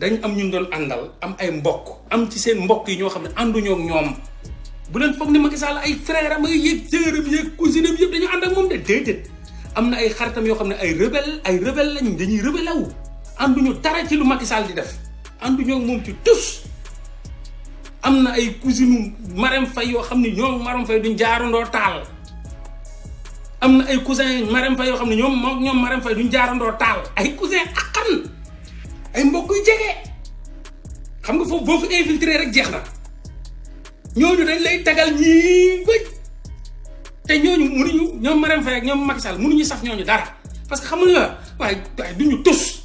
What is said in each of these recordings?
dañ am ñu doon àndal am ay mbokk am ci seen mbokk yi ñoo xam ne ànduñoo ñoom bu leen foog ni Macky Sall ay frère am ay yëg sœuram cousine am yëpp dañu ànd ak moom de déedéet am na ay xaritam yoo xam ne ay rebelle ay rebelle lañ dañuy rebelle wu ànduñu dara ci lu Macky Sall di def ànduñoo ak moom ci am na ay cousine Marème Faye yoo xam ne ñoom Marème Faye duñ jaarandoo am na ay cousin Marème Faye yoo xam ne ñoom moom ñoom Marème Faye duñ jaarandoo taal ay cousin akkan ay mbokk yu jege xam nga foofu boo fi infiltré rek jeex na ñooñu dañ lay tagal ñii bëj te ñooñu mënuñu ñoom Marème Faye ak ñoom Macky Sall mënuñu saf ñooñu dara parce que xam nga waaye waaye duñu tus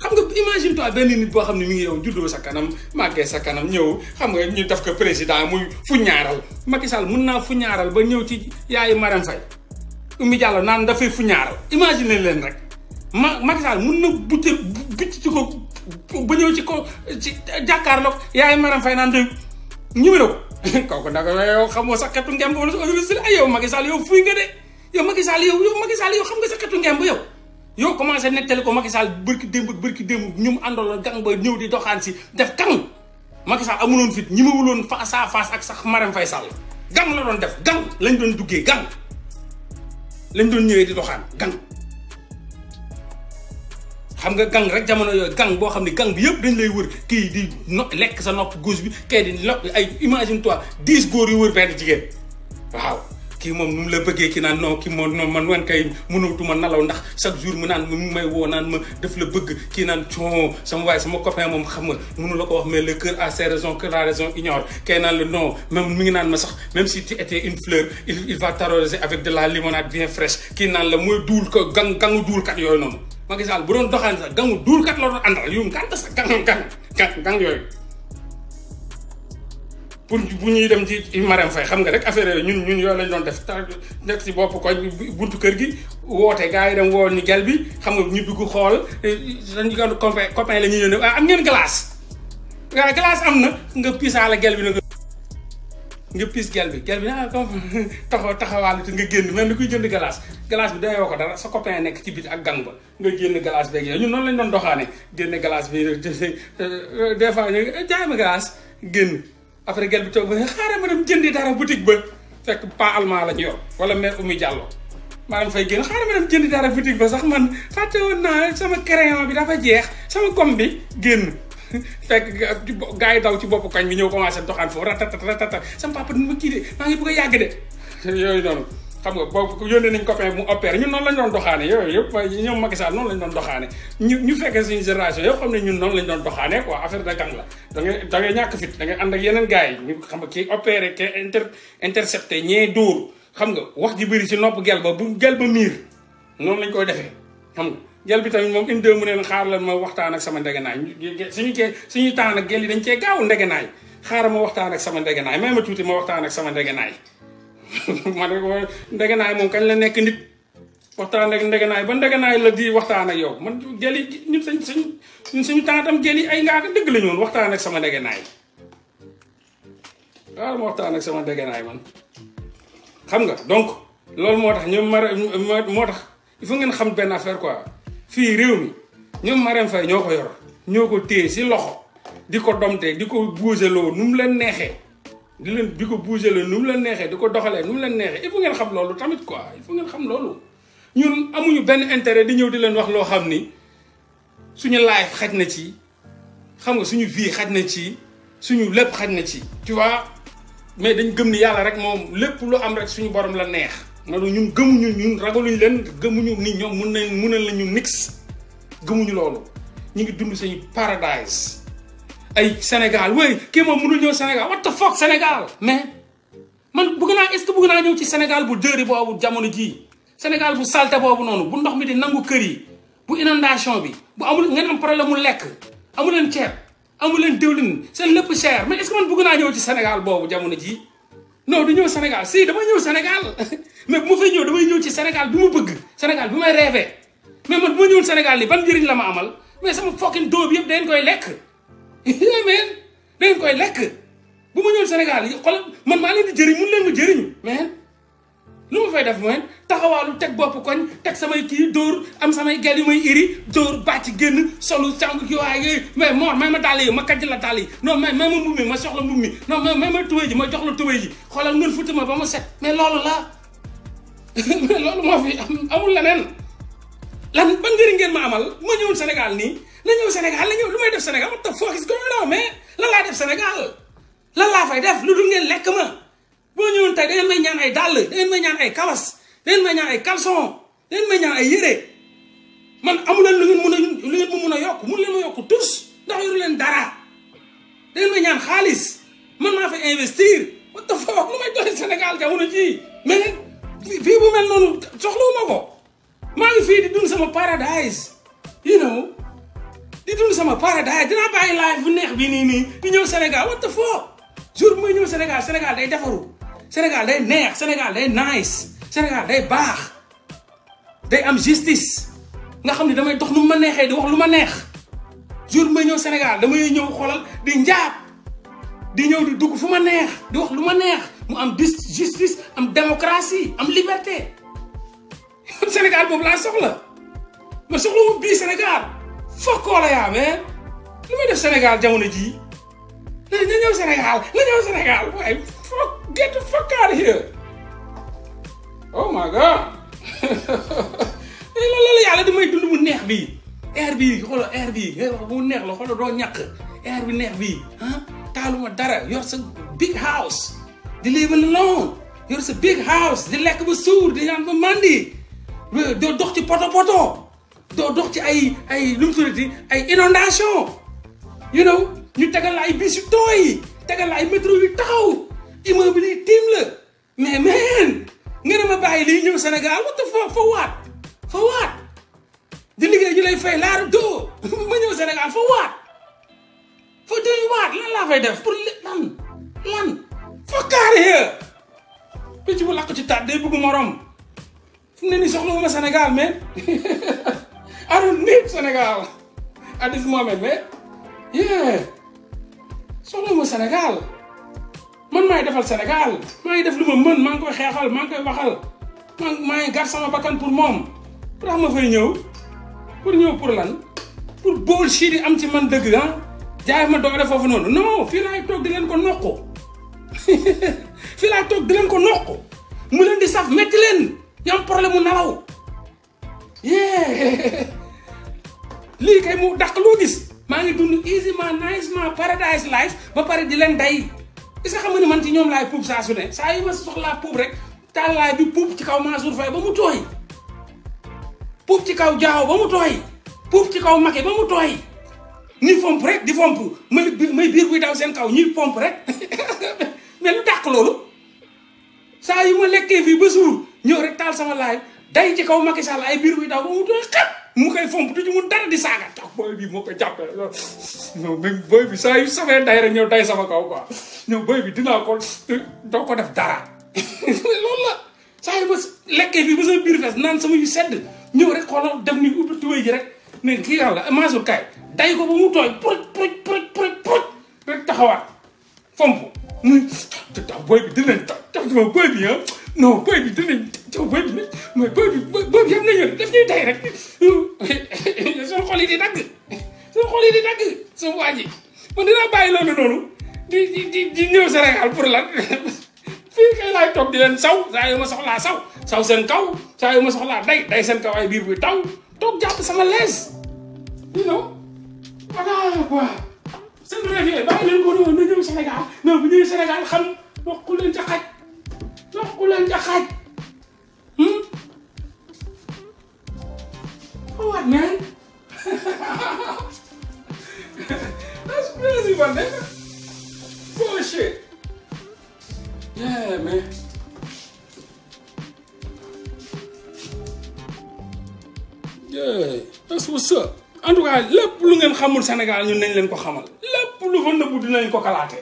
xam nga imagine toi benn nit boo xam ne mu ngi yow juddoo sa kanam màggee sa kanam ñëw xam nga ñu def ko président muy fu ñaaral Macky Sall mun naa fu ñaaral ba ñëw ci yaayu Marème Faye Oumy Diallo naan dafay fu ñaaral imagine leen rek ma Macky bute mun na butte bucc ci ko ba ñëw ci ko ci jàkkaarloog yaay maram fay naan doy ñëwee ko kooku nag yow xamoo sa xetu ngem wala sa université ay ah, yow yow fuy nga de yow Macky yow yow yow xam nga sa xetu yow yow commencé ko ñum gang ba ñëw di doxaan def kan Macky Sall fit ñi ma wuloon face face ak sax gang la doon def gang lañ doon gang lañ doon ñëwee di doxaan gang xam nga gang rek jamono yooyu gang boo xam ne gang bi yëpp dañ lay wër kii di no lekk sa nopp gauche bi kii di nopp ay imagine toi dix góor yu wër benn jigéen waaw kii moom nu la bëggee ki naan non kii moom noon man wan kay mënatuma nalaw ndax chaque jour mu naan mu may woo naan ma daf la bëgg kii naan coo sama waaye sama copain moom xam nga mënu la ko wax mais le cœur a ses raisons que la raison ignore naan ngi naan ma sax même si tu étais une fleur il va t'arroser avec de la limonade bien fraîche kii naan la mooy duul ko gang gangu duulkat yooyu noonu Macky Sall bu doon doxaan sax gamu duul kat la doon andal yum kan sax gang kan kan gang yooyu pour bu ñuy dem ci Marème fay xam nga rek affaire yi ñun ñun yoy lañ doon def nek ci bop ko buntu kër gi woote gaay dem woo ni gel bi xam nga ñu dugg xol dañu ko copain copain lañu ñëw ah, am ngeen glace waaw ah, glace nga pisaale gel bi nga nga piis gel bi gel bi ah comme taxaw taxawal nga genn mel ni kuy jënd glace glace bi doyoo ko dara sa copain nek ci biir ak gang ba nga genn glace beug ñun non lañ doon doxane genn glace bi euh, euh, des fois ñu jaay ma glace genn après gel bi tok ba xara ma dem jëndi dara boutique ba fekk pas allemand lañ yor wala mère Oumy Diallo maanaam fay genn xara ma dem jëndi dara boutique ba sax man fàtte won na sama crayon bi dafa jeex sama combi genn fek ci gars daw ci bopp koñ bi ñëw commencé tokan fo ratata ratata sam papa ñu ki kii de maa ngi bëgg a yàgg de yooyu noonu xam nga ko yone nañ copain mu opère ñun non lañ doon doxane yoy yëpp ñom Macky Sall noonu lañ doon doxane ñu ñu fekkee suñu génération yo xam ne ñun non lañ doon doxane quoi affaire da gang la da ngay da ngay ñak fit da ngay and ak yenen gaay ñu xam ki opéré inter intercepté ñee dóor xam nga wax ji bari ci nopp gel ba bu gel ba mir non lañ koy defee xam nga gel bi tamit moom une deux mu neen xaar lan ma waxtaan ak sama ndegenaay suñu kee suñuy temps nag gel yi dañ cee gaaw ndegenaay xaaral ma waxtaan ak sama ndegenaay may ma tuuti ma waxtaan ak sama ndegenaay man rek ndegenaay moom kañ la nekk nit waxtaan ak ndegenaay ba ndegenaay la di waxtaan ak yow man gel yi ñun sañ suñ suñu temps tam gel yi ay ngaaka dëgg la ñoon waxtaan ak sama ndegenaay xaaral ma waxtaan sama ndegenaay man xam nga donc loolu moo tax ñoom mara moo tax il faut ngeen xam benn affaire quoi fii réew mi ñoom Marème Faye ñoo ko yor ñoo ko téye si loxo di ko domte di ko bougeloo nu mu leen neexee di leen di ko bougeloo nu mu leen neexee di ko doxalee nu mu leen neexee il faut ngeen xam loolu tamit quoi il faut ngeen xam loolu ñun amuñu benn intérêt di ñëw di leen wax loo xam ni suñu life xaj na ci xam nga suñu vie xaj na ci suñu lépp xaj na ci tu vois mais dañ gëm ni yàlla rek moom lépp lu am rek suñu borom la neex na lu ñun gëmuñu ñun ragaluñ leen gëmuñu nit ñoom mun nañ munal nañu nix gëmuñu loolu ñu ngi dund seen paradise ay Sénégal wéy kii moom mënul ñëw Sénégal what the fuck Sénégal mais man bugg naa est-ce que bëgg naa ñëw ci Sénégal bu dëri boobu jamono jii Sénégal bu salte boobu noonu bu ndox mi di nangu kër yi bu inondation bi bu amul ngeen problème mu lekk amu leen ceeb amu leen diwlin seen lépp cher mais est naa ñëw ci Sénégal boobu jamono jii non du ñëw Sénégal si dama ñëw Sénégal mais bu ma fay ñëw damay ñëw ci Sénégal bi ma bëgg Sénégal bi may rêvé mais man bu ma ñëwul Sénégal nii ban njëriñ la ma amal mais sama fokkin dóob yëpp dañ koy lekk mais dañ koy lekk bu ma ñëwul Sénégal yi xoolal man maa leen di jëriñ mun leen ma jëriñ mais. lu ma fay def mooy taxawaalu teg bopp koñ teg samay kii dóor am samay gel yu may iri dóor bàcc génn solu càng ki waay yooyu mais moor may ma dàll yi ma kajj la dàll yi non mais may ma mbubb mi soxla mbubb mi non mais may ma tubéy jox la tubéy ji xoolal ngeen futti ma ba ma set mais loolu la mais loolu moo amul leneen lan ba njëriñ ngeen ma amal ma nii la ñëw Sénégal la ñëw lu may def Sénégal ma toog foo gis gën mais lan laa def Sénégal lan laa fay def lu dul ngeen lekk ma boo ñëwoon tey dangeen may ñaan ay dàll dangeen may ñaan ay kawas dangeen may ñaan ay caleçon dangeen may ñaan ay yére man amu leen lu ngeen mun a lu mu mun a yokk mun leen ma yokk tous ndax yoru leen dara dangeen may ñaan xaalis man maa fa investir what the fuck lu may doy Sénégal jamono jii mais fii bu mel noonu soxlawuma ko maa ngi fii di dund sama paradise you know di dund sama paradise dinaa bàyyi live bu neex bi nii nii di ñëw Sénégal what the fuck jour bu may ñëw Sénégal Sénégal day neex Senegal, day nice Senegal, day bah. day am justice nga xamni damay dox nu ma nexé di wax luma nex. jour may ñew Sénégal damay ñew xolal di ñaap. di ñew di dugg fuma nex di wax luma nex. mu am justice am démocratie am liberté Sénégal bobu la soxla ma soxla wu bi Sénégal fokkoo la ya mais lu may def Sénégal jamono ji. na ñew Sénégal na ñew Sénégal Way Get the fuck out of here. oh my god loolu la yàlla di may dund bu neex bi air bii xoolal air bii ngay eh, neex la xoolal doo ñàkk air bi neex bii ah, taaluma dara yor sa big house di live alone yor sa big house di lekk ba suur di naan ba màndi doo dox ci poto poto doo dox ci ay ay lu mu tuddati ay inondation you know ñu tegal la ay bis yu tooy tegal yu taxaw immeuble yi tiim la mais man nga ne ma bàyyi lii ñëw Sénégal what the fuck for what for what di liggéey ñu lay fay laaru doo ma ñëw Sénégal for what for doing what lan laa fay def pour lan lan for kaar here picc bu làkk ci taat day bëgg morom fu ne nii soxla wuma Sénégal man I don't need Senegal. at this moment man yeah soxla wuma Senegal man may defal Sénégal may def luma man mang koy xeexal mang koy waxal man may gar sama bakan pour mom tax ma fay ñew pour ñew pour lan pour bullshit yi am ci man deug ah jaay ma doore fofu non non fi lay tok di len ko nokko fi lay tok di len ko nokko mu len di saf metti len yam problème nalaw yee li kay mu dakk lo gis ma ngi dund easy ma nice ma paradise life ba pare di len day est-ce que xam nga man ci ñoom laay puub saa su ne saa yu ma soxlaa puub rek tàllaay bi puub ci kaw Mansour Faye ba mu tooy puub ci kaw Diaw ba mu tooy puub ci kaw Macky ba mu tooy ñuy fomp rek di fomp may may biir guy daw seen kaw ñuy pomp rek mais lu dàq loolu saa yu ma lekkee fii ba suur ñëw rek taal sama laay day ci kaw Macky Sall ay biir buy daw mu doon xet mu koy fomp du ci mun dara di saaga tax booy bi moo koy jàppale non mais booy bi saa yu safee day rek ñëw day sama kaw quoi ñëw booy bi dinaa ko doo ko def dara loolu la saa lekkee fii ba sama biir fees naan sama sedd ñëw rek xoolal def ni ubbi tuwéy ji rek ne kii yàlla Mansour day ko ba mu tooy proj proj proj proj proj taxawaat fomp mu tax booy bi dinañ tax tax ma booy bi ah no baby to me to baby my baby baby am nañu def ñuy tey rek soo xol yi di dagg soo xol yi di dagg soo waa ji man dinaa bàyyi loolu noonu di di di ñëw Sénégal pour lan fii kay laay toog di leen saw saa yu ma soxlaa saw sen seen kaw saa yu ma soxlaa day day seen kaw ay biir buy taw toog jàpp sama lees you know voilà quoi seen rêve yooyu bàyyi leen ko noonu na ñëw Sénégal non bu ñëwee Sénégal xam waxu leen ca xaj jox ku leen ca xaaj oh what man that's crazy man de bullshit yeah lépp lu ngeen xamul senegal ñun nañ leen ko xamal lépp lu fa nëbbu dinañ ko kalaate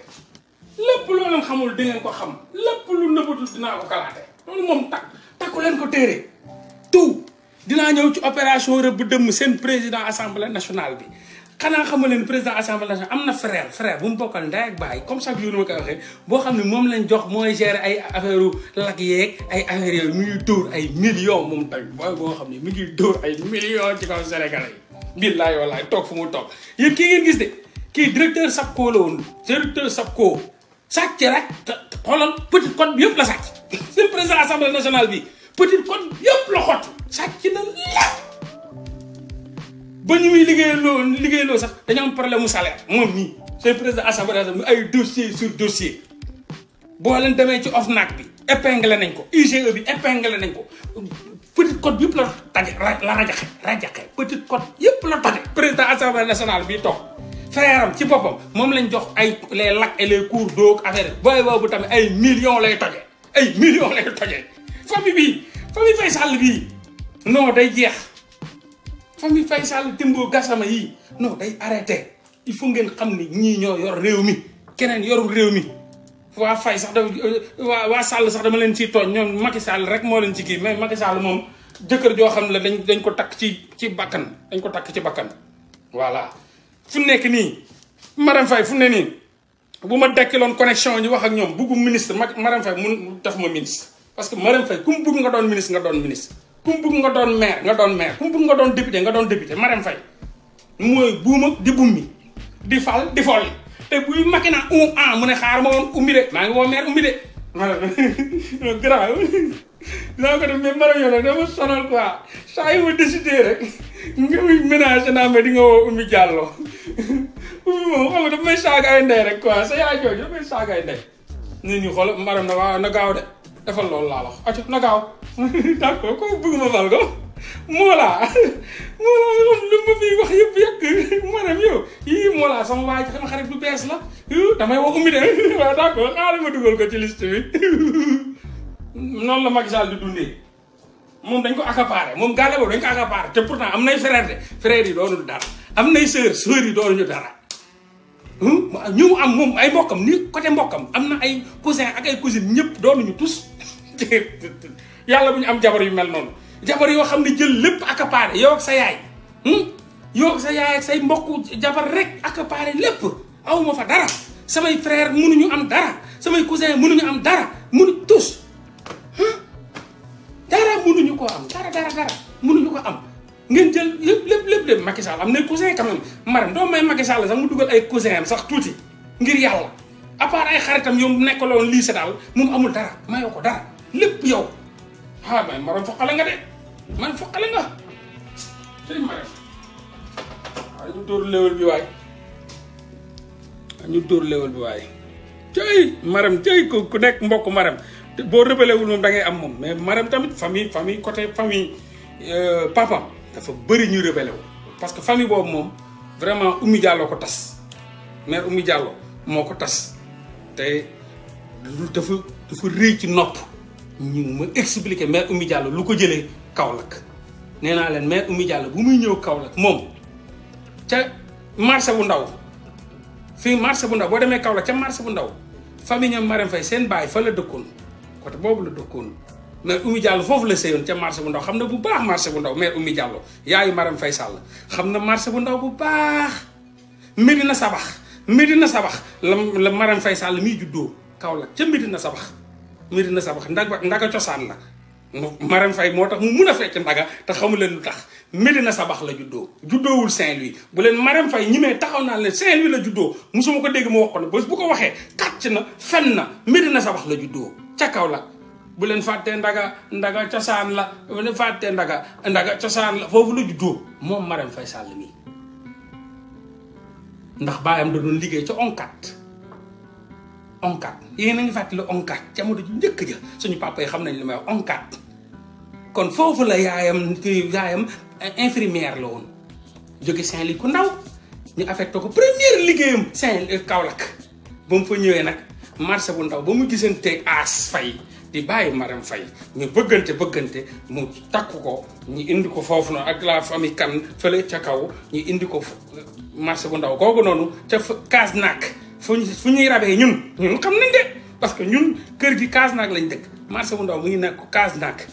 lépp loo leen xamul ko xam lépp lu nëbbatu dinaa ko kalaate loolu moom takk takku leen ko téere tout dinaa ñëw ci opération rëbb dëmm seen président assemblée national bi xanaa xamu leen président assemblée nationale am na frère frère bu mu bokkal ndey ak baay comme chaque jour ma koy waxee boo xam ne moom lañ jox mooy gérer ay affaire u lak ay affaire yooyu mu ngi dóor ay millions moom tamit booy boo xam ne mu ngi dóor ay millions ci kaw Sénégalais yi billaay wallaay toog fu mu toog yéen gis kii directeur SAPCO la woon directeur SAPCO sàcc rek xoolal petit code bi yëpp la sàcc seen président assemblée nationale bi petit code yëpp la xott sàcc na lépp ba ñu muy liggéey liggéeyloo sax dañu am problème mu salaire moom nii seen président assemblée nationale ay dossier sur dossier boo leen demee ci OFNAC bi épinglé nañ ko UGE bi épinglé nañ ko petit code yëpp la taje la rajaxe rajaxe petit code yëpp la taje président assemblée nationale bi toog frère am ci boppam moom lañ jox ay les lacs et les cours d'eau affaire booy boobu tamit ay millions lay toje ay millions lay toje famille bii famille Faye Sall bii non day jeex famille Faye Sall Timbo Gassama yii non day arrêté il faut ngeen xam ni ñii ñoo yor réew mi keneen yorul réew mi waa fay sax dama waa waa Sall sax dama leen ciy tooñ ñoom Macky sàll rek moo leen ci kii mais Macky Sall moom jëkkër joo xam ne dañ dañ ko takk ci ci bakkan dañ ko takk ci bakkan voilà fu nekk nii Marème Faye fu ne nii bu ma dekkiloon connexion ñi wax ak ñoom buggu ministre ma Marème Faye mun def ma ministre parce que Marème Faye ku mu bugg nga doon ministre nga doon ministre ku mu bugg nga doon maire nga doon maire ku mu bugg nga doon député nga doon député Marème Faye mooy buuma di bummi di fal di folli te buy makki naa un an mu ne xaar ma woon umbi de maa ngi woo maire umbi de maanaam grave dinaa ko def mais Marème Faye dama sonal quoi saa yu nga ménage naa ma di nga woo Oumy Diallo Oumy moom xam nga dafa may saaga ndey rek quoi sa yaay jooju dafa may saaga ndey. nit ñi xool maram na waaw ah, na lu bees la damay woo Oumy de waaw d'accord xaaral dugal ko ci liste bi noonu la Macky Sall di dundee. moom dañ ko accaparé moom gaale boobu dañ ko accaparé te pourtant am nay frère de frère yi doonul dara am nay sœur sœur yi doonuñu dara ñu am moom ay mbokkam ni côté mbokkam am na ay cousin ak ay cousine ñëpp doonuñu tous yàlla bu am jabar yu mel noonu jabar yoo xam ne jël lépp accaparé yow ak sa yaay yow ak sa yaay ak say mbokk jabar rek accaparé lépp awma fa dara samay frère mënuñu am dara samay cousin mënuñu am dara mënu tous dara mënuñu koo am dara dara dara mënuñu ko am ngeen jël lépp lépp lépp lépp na cousin quand même maram doo may Macky Sall ay cousin sax tuuti ngir yàlla à ay xaritam yow mu nekkaloon lycée daal moom amul dara mayoo ko dara lépp yow ah foqale nga de man foqale nga tey maram waaye ñu dóor léwal bi waay ñu dóor léwal bi waay tey maram tey ku nekk mbokk maram boo rébellé wul moom da am moom mais maram tamit famille famille côté famille euh, papa dafa bëri ñu rébellé wu. parce que famille boobu moom vraiment Oumy Diallo ko tas mais Oumy Diallo moo ko tas te dafa dafa ci nopp ñu ma expliqué lu ko jëlee Kaolack nee naa leen mais Oumy Diallo bu muy ñëw Kaolack moom ca marché bu ndaw fi marché bu ndaw boo demee Kaolack ca marché bu ndaw famille ñoom Marème Faye seen baay fa la dëkkoon. côté boobu la dëkkoon mais Oumy Diallo foofu la séyoon ca marché bu ndaw xam na bu baax marché bu ndaw mère Oumy Diallo yaayu Marème Faye Sall xam na marché bu ndaw bu baax Médina Sabax Médina Sabax la la Marème Faye Sall mii juddoo Kaolack ca Médina Sabax Médina Sabax ndaga ndaga cosaan la Marème Faye moo tax mu mun a fecc ndaga te xamu leen lu tax Médina Sabax la juddoo juddoowul Saint-Louis bu leen Marème Faye ñimee taxaw naa leen Saint-Louis la juddoo musuma ko dégg mu wax ko ne bés bu ko waxee kàcc na fen na Médina Sabax la juddoo ca kaw bu leen fàttee ndaga ndaga cosaan la bu leen ndaga ndaga cosaan la foofu la juddoo moom Marème Faye Sall mii ndax baayam da doon liggéey ca onkat onkat yéen a ngi fàttali onkat jamono ju njëkk ja suñu papa yi xam nañ li may wax onkat kon foofu la yaayam yaayam eh, infirmière la woon jóge Saint-Louis ku ndaw ñu affecté ko première liggéeyam Saint Kaolack ba mu fa ñëwee nag marché bu ndaw ba mu gisanteeg aas fay di bàyyi maram fay ñu bëggante bëggante mu takk ko ñu indi ko foofu noonu ak la famille kan fële ca kaw ñu indi ko euh, marché bu ndaw googu noonu ca kaas naak fu ñu fu ñuy rabee ñun ñun xam nañ de parce que ñun kër gi kaas naak lañ dëkk marché bu ndaw mu ngi nekk kaas naak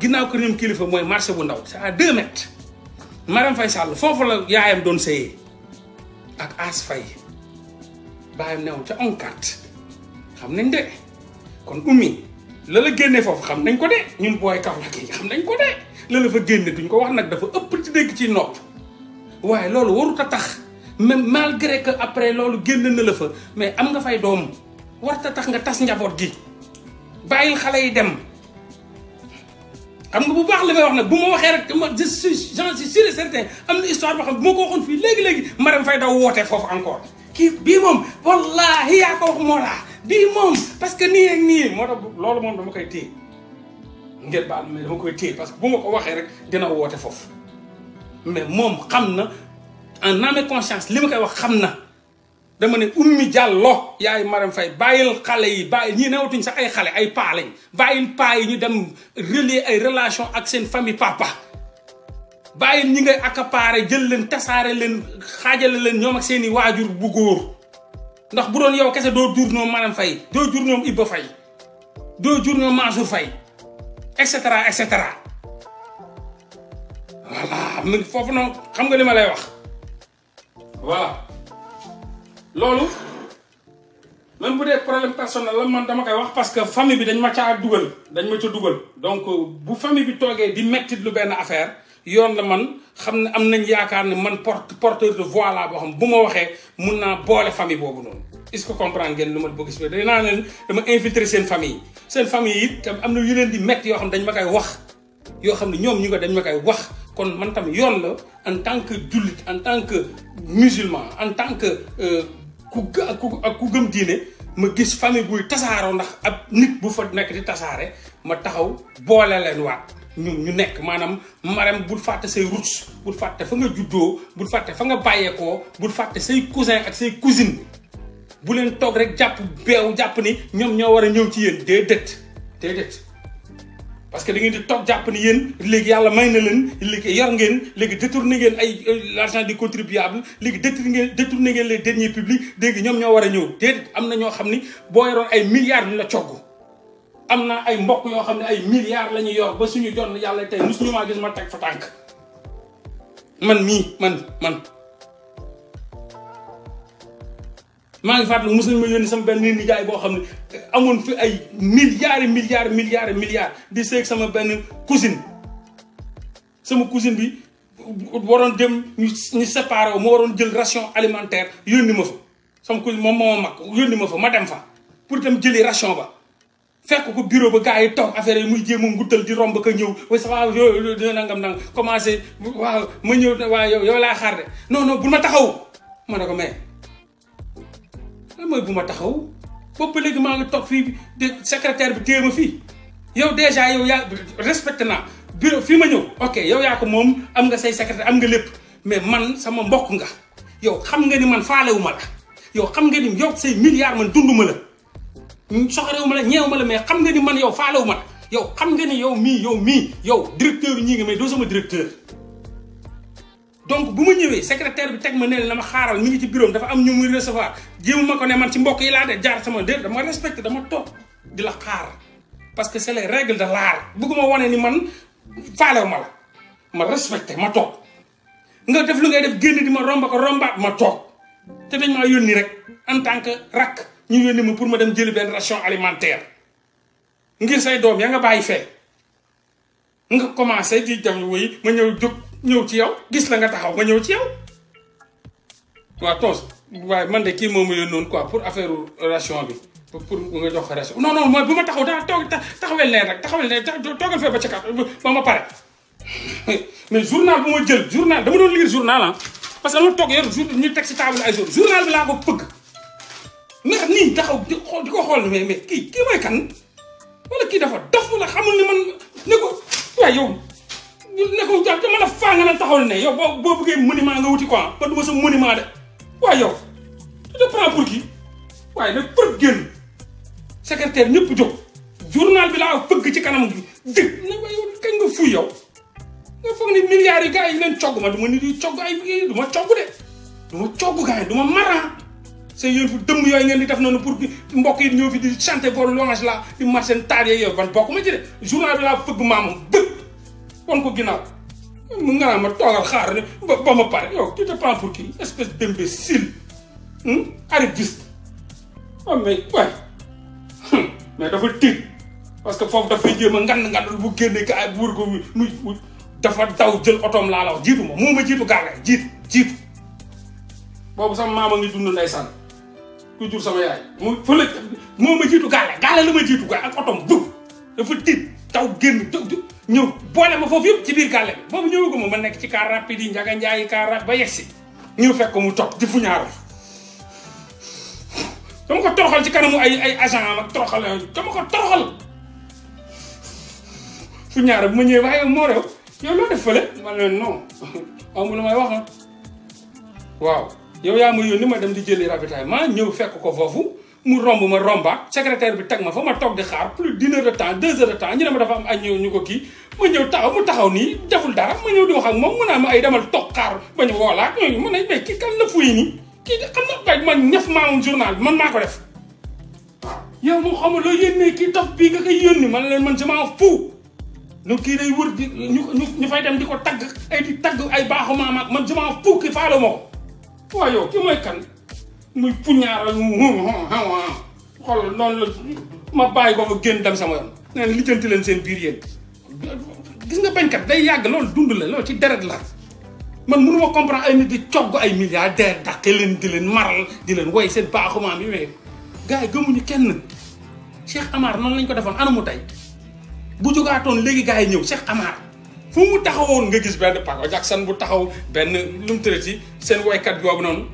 ginnaaw kër ñoom kilifa mooy marché bu ndaw c'est à deux mètres maram fay foofu la yaayam doon sëyee ak aas fay bàyyam newoon ca onkat xam nañ de kon ummi la la génne foofu xam nañ ko de ñun booy Kaolack yi xam nañ ko de la la fa génne duñ ko wax nag dafa ëpp ci dégg ci nopp waaye loolu warut a tax même malgré que après loolu génn na la fa mais am nga fay doom warut a tax nga tas njaboot gi bàyyil xale yi dem. xam nga bu baax la may wax nag bu ma waxee rek ma je suis j'en suis sûr et certain am na histoire boo xam ne ko waxoon fii léegi-léegi Marème fay daw wootee foofu encore kii bii moom wallaahi yaa moo bii moom parce que nii ak nii moo tax loolu moom dama koy téye ngeen baal mais dama koy téye parce que bu ma ko waxee rek dina woote foofu mais moom xam na en âme et conscience li ma koy wax xam na dama ne ummi jàllo yaay Marème fay bàyyil xale yi bàyyi ñii newatuñ sax ay xale ay paa lañ bàyyil paa yi ñu dem relier ay relation ak seen famille papa bàyyil ñi ngay accaparer jël leen tasaare leen xaajale leen ñoom ak seen i waajur bu góor ndax bu doon yow kese doo jur ñoom Manam fay doo jur ñoom Ibba Faye doo jur ñoom Mansour Faye et cetera et cetera voilà am na foofu noonu xam nga li ma lay wax voilà loolu. même bu dé problème personnel la man dama kay wax parce que famille bi dañ ma ci a dugal dañ ma ci dugal donc bu famille bi togué di metti lu ben affaire yoon la man xamna am nañ yaakaar ne man porte porteur de voix la bo xam bu ma waxee mun naa boole famille bobu non est ce que comprendre ngeen luma ma bëgg expliqué dinaa leen dama infiltrer sen famille sen famille yi tam amna yu leen di metti yo xam dañ ma kay wax yo xam ni ñom ñu ko dañ ma kay wax kon man tam yoon la en tant que jullit en tant que musulman en tant que euh, ku ku ku gëm diiné ma gis famille buy tasaaroo ndax ab nit bu fa nekk di tasaare ma taxaw boole leen waat ñu ñu nekk maanaam maram bul fàtte say roots bul fàtte fa nga juddoo bul fàtte fa nga bàyyeekoo bul fàtte say cousin ak say cousine bu leen toog rek jàpp beew jàpp ni ñoom ñoo war a ñëw ci yéen déedéet déedéet parce que da ngeen di toog jàpp ni yéen léegi yàlla may na leen léegi yor ngeen léegi détourné ngeen ay euh, l'argent du contribuable léegi détourné ngeen détourné ngeen les deniers publics léegi ñoom ñoo war a ñëw déet am na ñoo xam ni boo yoroon ay milliards ñu la cogg am na ay mbokk yoo xam ne ay milliards la ñuy yor ba suñu jonn yàlla tey mosuñu maa gis ma teg fa tànk man mii man man maa ngi fàttali mos ma yónni sama benn nijaay boo xam ne amoon fi ay milliards milliards milliards milliards di seeg sama benn cousine sama cousine bi waroon dem ñu ñu séparé wu waroon jël ration alimentaire yónni ma fa sama cousine moom moo mag yónni ma fa ma dem fa pour dem jëli ration ba fekk ko bureau ba gars yi toog affaire yi muy jéem a nguttal di romb ka ñëw wa ça va yow dina nangam nangam commencé waaw ma ñëw waaw yow yow laa xaar de non non bu ma taxaw ma ne ko mais. lan mooy bu ma taxaw bopp léegi maa ngi toog fii de secrétaire bi téye ma fii yow dèjà yow yaa respecté naa bureau fii ma ñëw ok yow yaa ko moom am nga say secrétaire am nga lépp mais man sama mbokk nga yow xam nga ni man faalewu ma la yo xam nga ni yow say milliards man dund ma la ừ, soxorewu ma la ñeewu ma la mais xam nga ni man yow faalewu ma la yow xam nga ni yow mii yow mii yow directeur ñii nga mais doo sama directeur donc bu ma ñëwee secrétaire bi tek ma neel na ma xaaral mi ngi ci bureau dafa am ñu muy recevoir jéem ma ko ne man ci mbokk yi la dé jaar sama dé dama respecté dama top di la xaar parce que c'est les règles de l'art art bëgguma wane ni man faalé ma la ma respecté ma top nga def lu ngay def génn di ma romba ko romba ma top té dañ ma yoni rek en tant que rak ñu yoni ma pour ma dem jël ben ration alimentaire ngir say doom ya nga bayi fé nga commencé di dem woy ma ñëw jóg ñëw ci yow gis la nga taxaw nga ñëw ci yaw waaw tons waaye man de kii moom la noonu quoi pour affaire ration bi pour nga jox ko ration non non mooy bu ma taxaw daa toog taxawel ne rek taxawel ne toogal fee ba ca kat ba ma pare. mais journal bu ma jël journal dama doon lire journal ah parce que dama toog yor ñu teg si table ay jour journal bi laa ko pëgg ndax nii taxaw di xool ko xool mais mais kii kii mooy kan wala kii dafa dof wala xamul ni man ne ko waaye yow. ne ko da dama la fanga na taxaw ne yow boo boo bëggee monument nga wuti quoi ba du ma sa monument de waaye yow tu te prends pour qui waaye nag për génn secrétaire ñëpp jóg journal bi laa fëgg ci kanam bi dëgg na waaye yow kañ nga fuy yow nga foog ni milliards yi gars yi leen cogg ma du ma nit yi cogg ay du ma cogg de du ma cogg gars yi sa yéen fu dëmm yooyu ngeen di def nonu pour mbokk yi ñëw fi di chanter bor louange la di marché taal yeeg yow ban bokk ma ci de journal bi laa fëgg maamam dëgg wan ko ginnaaw mu nga naan ma toogal xaar ba ba ma pare yow tu te prends pour qui espèce d'imbécile hmm? arriviste oh mais waay hmm. mais dafa tiit parce que foofu dafay jéem a ngand ngandul bu génnee ka ay buur ko nu dafa daw jël otoom laa la wax jiitu ma moo ma jiitu gaarle jiitu boobu sama maama ngi dund ndeysaan ku jur sama yaay mu fële moo ma jiitu gaale gaale la ma jiitu gaale ak otoom dugg dafa tiit daw génn ñëw boole ma foofu yëpp ci biir gàlle bi boobu ñëwaguma ma nekk ci car rapide yi njaga njaayi car rapide ba yegsi ñëw fekk ko mu toog di fu ñaaru dama ko ci kanamu ay ay agent am ak toroxal yooyu dama ko toroxal ma ñëwee waaye moo réew yow loo def fële ma ne non amul may wax waaw yow yaa ma ni ma dem di jëli ravitaay ma ñëw fekk ko foofu mu romb ma rombaat secrétaire bi teg ma fa ma toog di xaar plus d'une heure de temps deux heures de temps ñu ne ko kii ma ñëw taxaw mu taxaw nii deful dara ma ñëw di wax ak moom mu naa ma ay demal toog xaar bañ woolaat ñooñu ma ne mais kan la fuy nii kii xam man ñëf maamoom journal bi man maa ko def yow moom xam nga loo kii tax bii nga koy yónni man leen man je m'en fous lu kii day wër di ñu ñu fay dem di ko tagg ay di tagg ay baaxu maam ak man je m'en fous kii faalo ma ko waaw yow kii mooy kan muy puñaaral mu xool noonu la ma bàyyi ko ma génn dem sama yoon. nee na lijjanti leen seen biir yéen gis nga bañkat day yàgg loolu dund la loolu ci deret la man mënu ma comprendre ay nit di cogg ay milliardaires dàqe leen di leen maral di leen woy seen baaxumaam yi mais gars yi gëmuñu kenn Cheikh Amar noonu lañ ko defoon anamu tey bu jógaatoon léegi gaa yi ñëw Cheikh Amar fu mu taxawoon nga gis benn Paco Jackson bu taxaw benn lu mu tëddee ci seen woykat boobu noonu.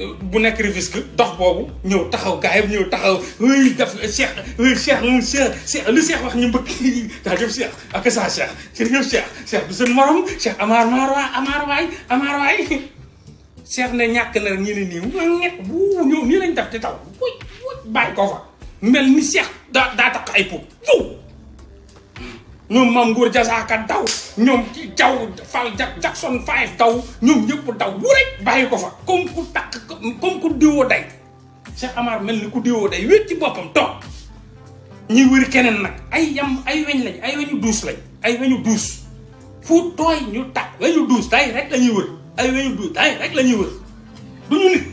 bu nekk Rufisque dox boobu ñëw taxaw gars yi ñëw taxaw oui def Cheikh oui Cheikh moom lu Cheikh wax ñu mbëkk daa jëf Cheikh ak saa Cheikh jërëjëf Cheikh Cheikh du seen morom Cheikh Amar Marwa Amar waay Amar waay Cheikh ne ñàkk na ñu ne nii ñett wuu ñëw nii lañ def di taw wuy mel ni Cheikh daa daa tax ay po ñoom Mame Ngor Diazaka daw ñoom ci jaw Fall Jackson Five daw ñoom ñëpp daw lu rek bàyyi ko fa comme ku takk comme ku diwoo day Cheikh Amar mel ni ku diwoo day wéet ci boppam toog ñi wër keneen nag ay yam ay weñ lañ ay weñu duus lañ ay weñu duus fu tooy ñu takk weñu duus day rek la ñuy wër ay weñu duus day rek la ñuy wër du ñu nit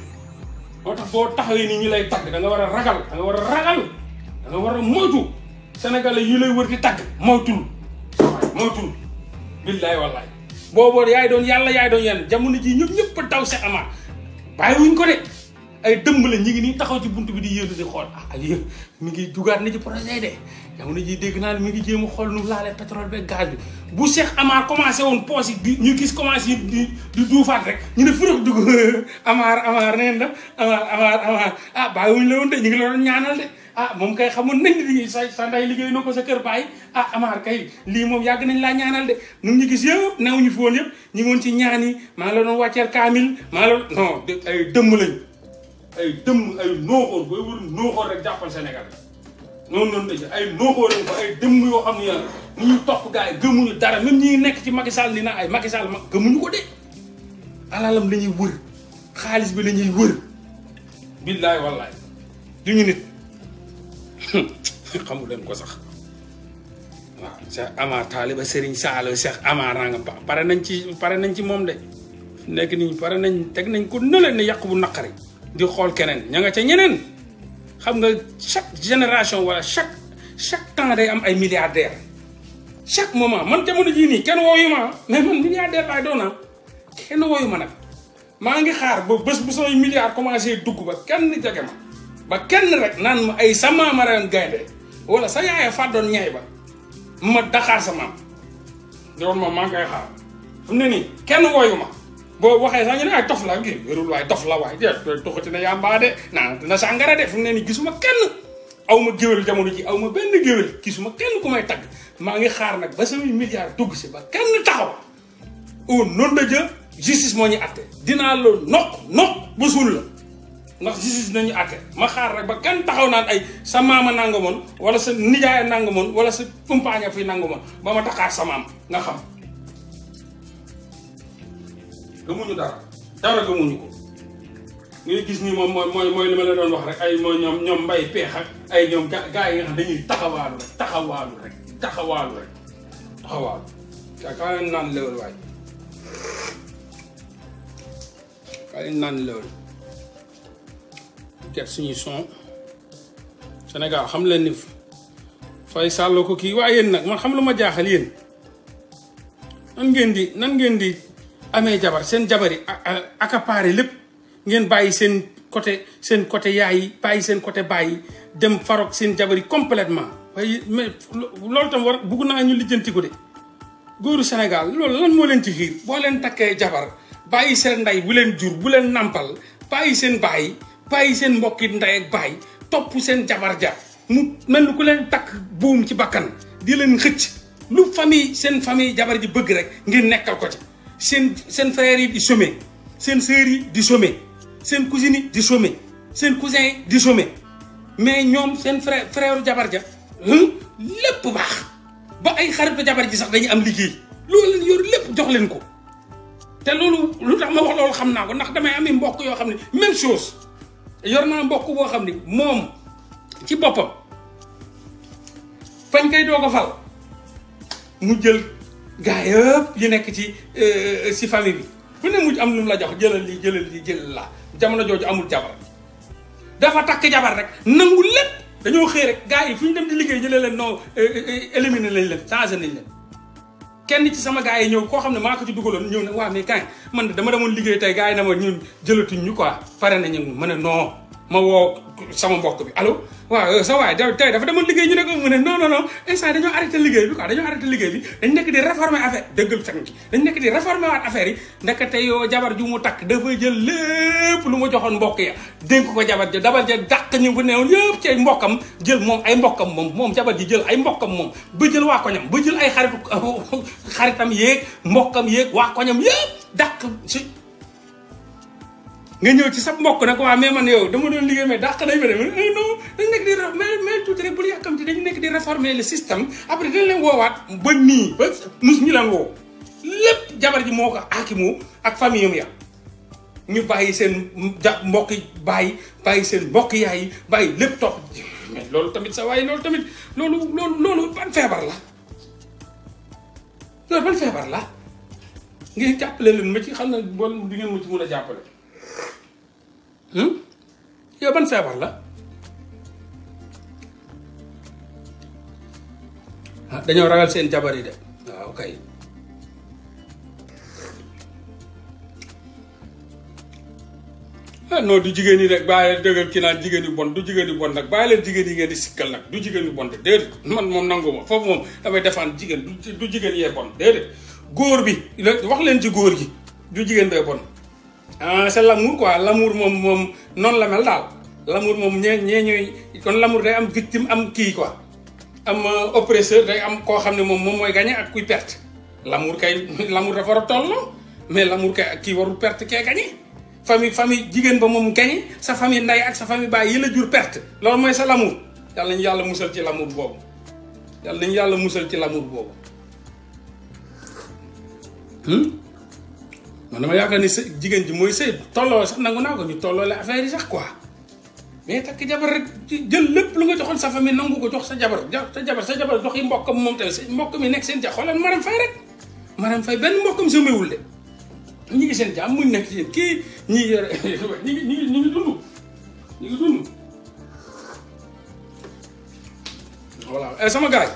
moo tax boo taxawee ni ñu lay tagg da nga war a ragal da war a ragal da war a moytu sénégalais yi lay wër di tagg moytul moytul billaay wallaay booboo yaay doon yàlla yaay doon yenn jamono ji ñëpp ñëpp a daw Cheikh Amar bàyyiwuñ ko de ay dëmb lañ ñu ngi nii taxaw ci bunt bi di yéenu di xool ah Aliou mi ngi jugaat na ci projet de jamono ji dégg naa ne mi ngi jéem a xool nu laale pétrole beeg gaz bi bu Cheikh Amar commencé woon poche yi ñu gis commencé di di duufaat rek ñu ne fure dugg Amar Amar nee na Amar Amar ah bàyyiwuñ de ñu ah moom kay xamoon nañ ni sa sa nday liggéey na ko sa kër bàyyi ah amaar kay lii moom yàgg nañ laa ñaanal de ñun ñu gis yëpp new ñu fi woon yëpp ñu ci ñaan yi maa la doon maa la non ay dëmm lañ dëmm ay nooxoor booy wër nooxoor rek jàppal Sénégal noonu noonu daje ay nooxoor lañ ay dëmm yoo xam ne yàlla ñu ñu topp gars gëmuñu nekk ci Macky Sall ni na ay Macky Sall ko de alalam la ñuy wër xaalis bi lañuy ñuy wër billaay wallaay duñu nit xamu leen ko sax waaw Cheikh Amar taaliba Serigne Saalo Cheikh Amar Rangam Ba pare nañ ci pare nañ ci moom de nekk nii pare nañ teg nañ ko ne na ne yàq bu naqari di xool keneen ña nga ca ñeneen xam nga chaque génération wala chaque chaque temps day am ay milliardaire chaque moment man jamono jii nii kenn wooyu ma mais man milliardaire laay doona ah. kenn wooyu ma nag maa ngi xaar ba bés bu samay milliard commencé dugg ba kenn jege ma ba kenn rek naan ma ay sama ma reyoon gaynde wala sa fa don ñay ba ma daxaar sa maam doon ma ma ngay xaar xam ne ni kenn woyuma ma waxe sax ñu ay tof la ngi wérul way tof la waay doxati na yamba de na na sàngara de fu ne ni gisuma kenn awma ma jamono ji awma ma benn géwél gisuma kenn ku may tag ma ngi xaar nak ba sama milliard dugg ci ba kenn taxaw o non de Dieu justice moo ñu atte lo la nok noq ba la ndax justice nañu àtte ma xaar rek ba kan taxaw naan ay sa maama nangamoon wala sa nijaay nangamoon wala sa compagnie fi nangamoon ba ma taxaar sa maam nga xam gëmuñu dara dara gëmuñu ko ngay gis ni moom mooy mooy li ma la doon wax rek ay mooy ñoom ñoom mbay peex ak ay ñoom ga gars yi nga xam dañuy taxawaalu rek taxawaalu rek taxawaalu rek taxawaalu kaa leen naan lewal waay kaa leen naan lewal get suñuy son Sénégal xam leen ni Faye Sall ko kii waaye yéen nag man xam lu ma jaaxal yéen nan ngeen di nan ngeen di amee jabar seen jabar yi accaparé lépp ngeen bàyyi seen côté seen côté yaay bàyyi seen côté bàyyi yi dem farok seen jabar yi complètement waaye mais loolu tam war bugg naa ñu lijjanti ko de góoru Sénégal lool lan moo leen ci xiir boo leen takkee jabar bàyyi seen nday bu leen jur bu leen nampal bàyyi seen baay bàyyi seen mbokki ndey ak baay topp seen jabar ja mu mel ni ku leen takk buum ci bakkan di leen xëcc lu famille seen famille jabar ji bëgg rek ngir nekkal ko ci seen seen frères yi di chômer seen sœurs di chômer seen cousines yi di chômer seen cousins di chômer mais ñoom seen frère frère jabar ja lépp baax ba ay xaritu jabar ji sax dañu am liggéey loolu leen yor lépp jox leen ko te loolu lu tax ma wax loolu xam naa ko ndax damay ami mbokk yoo xam ne même chose yor naa mbokk boo xam ni moom ci boppam fañ koy doog a fal mu jël gaa yëpp yi nekk ci si euh, famille yi bu ne mujj am lu mu la jox jëlal lii jëlal lii jëlal laa jamono jooju amul jabar dafa takk jabar rek nangu lépp dañoo xëy rek gaa yi fu ñu dem di liggéey jëlee leen non euh, euh, éliminer lañ leen changé nañ leen kenn ci sama gaa yi ñëw koo xam ne maa ko ci dugaloon ñëw ne waaw mais kañ man dama demoon liggéey tey gars yi na ma ñun jëlatuñ ñu quoi pare nañu ma ne non. ma woo sama mbokk bi allo waaw sa euh, waay tey dafa demoon liggéey ñu ne ko mu ne non non non instant dañoo arrêté liggéey bi quoi dañoo arrêté liggéey bi dañ nekk di réformer affaire dëggal sax dañ nekk di réformer waat affaire yi ndekete yoo jabar ju mu takk dafa jël lépp lu ma joxoon mbokk ya dénk ko jabar ja dabar ja dàq ñu bu neewoon yëpp ci ay mbokkam jël moom ay mbokkam moom moom jabar ji jël ay mbokkam moom ba jël waa koñam ba jël ay xarit xaritam yéeg mbokkam yéeg waa koñam yëpp dàq nga ñëw ci sa mbokk nag waa mais man yow dama doon liggéey mais dàq nañ ma dem non dañ nekk di mais mais tuuti rek bul yàkkamti dañu nekk di réformer le système après dañ leen woowaat ba nii ba mus ñu leen woo jabar ji moo ko aakimu ak famille am ya ñu seen ja mbokk bàyyi bàyyi seen mbokk yaay bàyyi lépp topp mais loolu tamit sa waaye loolu tamit loolu loolu loolu ban feebar la feebar la ngeen jàppale leen ma ci xam ne bon du ngeen ma ci mun a jàppale Hmm? ya ban feebar la dañoo ragal seen jabar yi de waaw ah non du jigéen yi rek baye deugal dëggal ki naan jigeni yu bon du jigéen yu bon nak baye len jigéen yi ngeen kan di sikkal nak du jigéen yu bon de déedéet man mom nanguma ma mom moom defan defaan du jigéen yee bon déedéet góor bi wax len ci góor gi du jigéen bee bon c'est ah, l'amour quoi l'amour mom mom non la mel dal l'amour mom ñe kon l'amour day am victime am ki quoi am euh, oppresseur day am ko xamne ne mom moy gagner ak kuy perte l'amour kay l'amour da fara tollu mais l'amour kay ki waru perte kay gagner famille famille jigen ba mom gagner sa famille nday ak sa famille bayi yi la jur perte lool moy sa l'amour yalla ñu yalla mussel ci l'amour bobu yalla ñu yalla mussel ci l'amour bobu hmm man dama yaakaar ni sa jigéen ji mooy sëy tolloo sax nangu naa ko ñu tolloo la affaire yi sax quoi mais takk jabar rek jël lépp lu nga joxoon sa famille nangu ko jox sa jabar sa jabar sa jabar jox yi mbokkam moom tamit sa mbokk mi nekk seen ja xoolal maram fay rek maram fay benn mbokkam sëmewul de ñi ngi seen jaam muñ nekk ci kii ñi yore ñi ngi ñi ngi ñi ngi dund ñi ngi dund voilà eh, sama gars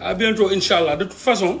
ah, à bientôt incha allah de toute façon